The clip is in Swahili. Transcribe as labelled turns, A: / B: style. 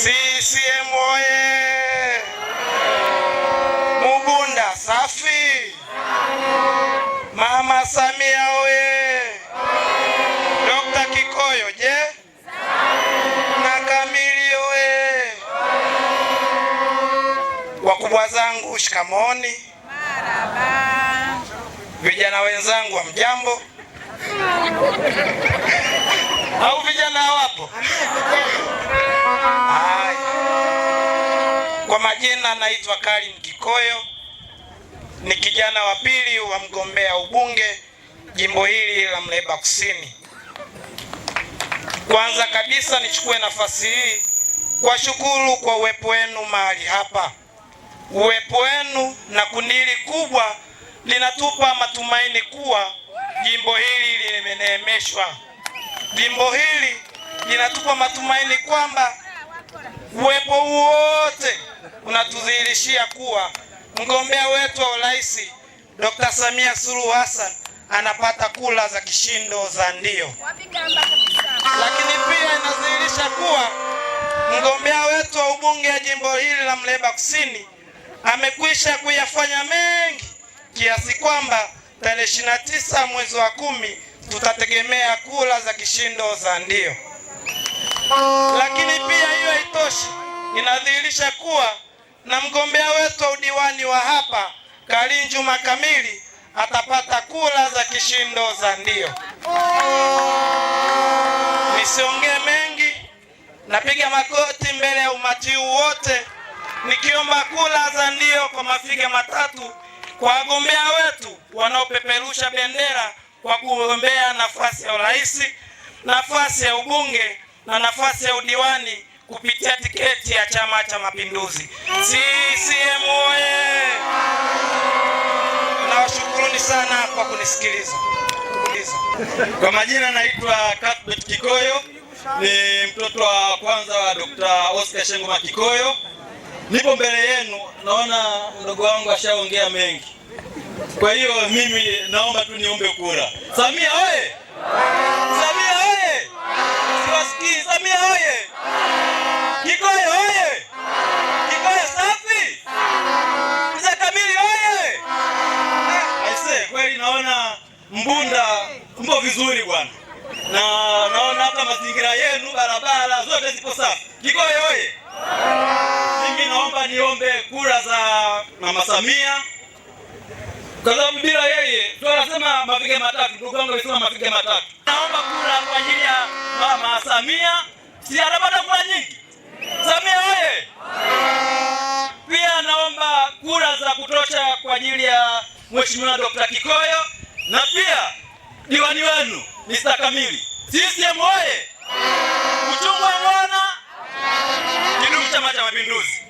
A: CCM oye! Mugunda safi! Mama Samia oye! Dokta Kikoyo je? Na Kamili oye! Wakubwa zangu shikamoni, vijana wenzangu wa mjambo au vijana hawapo? kwa majina naitwa Karim Kikoyo, ni kijana wa pili wa mgombea ubunge jimbo hili la Mleba Kusini. Kwanza kabisa nichukue nafasi hii kuwashukuru kwa uwepo wenu mahali hapa. Uwepo wenu na kundi hili kubwa linatupa matumaini kuwa jimbo hili limeneemeshwa. Jimbo hili linatupa matumaini kwamba uwepo wote unatudhihirishia kuwa mgombea wetu wa urais Dr. Samia Suluhu Hassan anapata kula za kishindo za ndio, lakini pia inadhihirisha kuwa mgombea wetu wa ubunge wa jimbo hili la Mleba Kusini amekwisha kuyafanya mengi kiasi kwamba tarehe 29 mwezi wa kumi tutategemea kura za kishindo za ndio. Lakini pia hiyo haitoshi, inadhihirisha kuwa na mgombea wetu wa udiwani wa hapa Kalinju Kamili atapata kura za kishindo za ndio. Nisiongee mengi, napiga makoti mbele ya umati huu wote nikiomba kura za ndio kwa mafiga matatu kwa wagombea wetu wanaopeperusha bendera kwa kugombea nafasi ya urais, nafasi ya ubunge na nafasi ya udiwani kupitia tiketi ya Chama cha Mapinduzi. CCM oye! Nawashukuruni sana kwa kunisikiliza. Kwa majina naitwa Cuthbert Kikoyo, ni mtoto wa kwanza wa Dr. Oscar Shengoma Kikoyo. Nipo mbele yenu, naona mdogo wangu ashaongea mengi. Kwa hiyo mimi naomba tu niombe kura. Samia oye! Samia oye! Siwasikii. Samia oye! Kikoye oye! Kikoye safi za kamili oye! Aise, ah, kweli naona Mbunda mpo vizuri bwana, na naona hata mazingira yenu, barabara zote ziko safi. Kikoye oye! Mimi naomba niombe kura za mama Samia kwa sababu bila yeye tunasema mapiga matatu, ndugu wangu Waislamu, mapiga matatu. Naomba kura kwa ajili ya mama Samia, si anapata kura nyingi. Samia wewe. Pia naomba kura za kutosha kwa ajili ya Mheshimiwa Dr. Kikoyo na pia diwani wenu Mr. Kamili. CCM oye! wa mwana Chama cha Mapinduzi.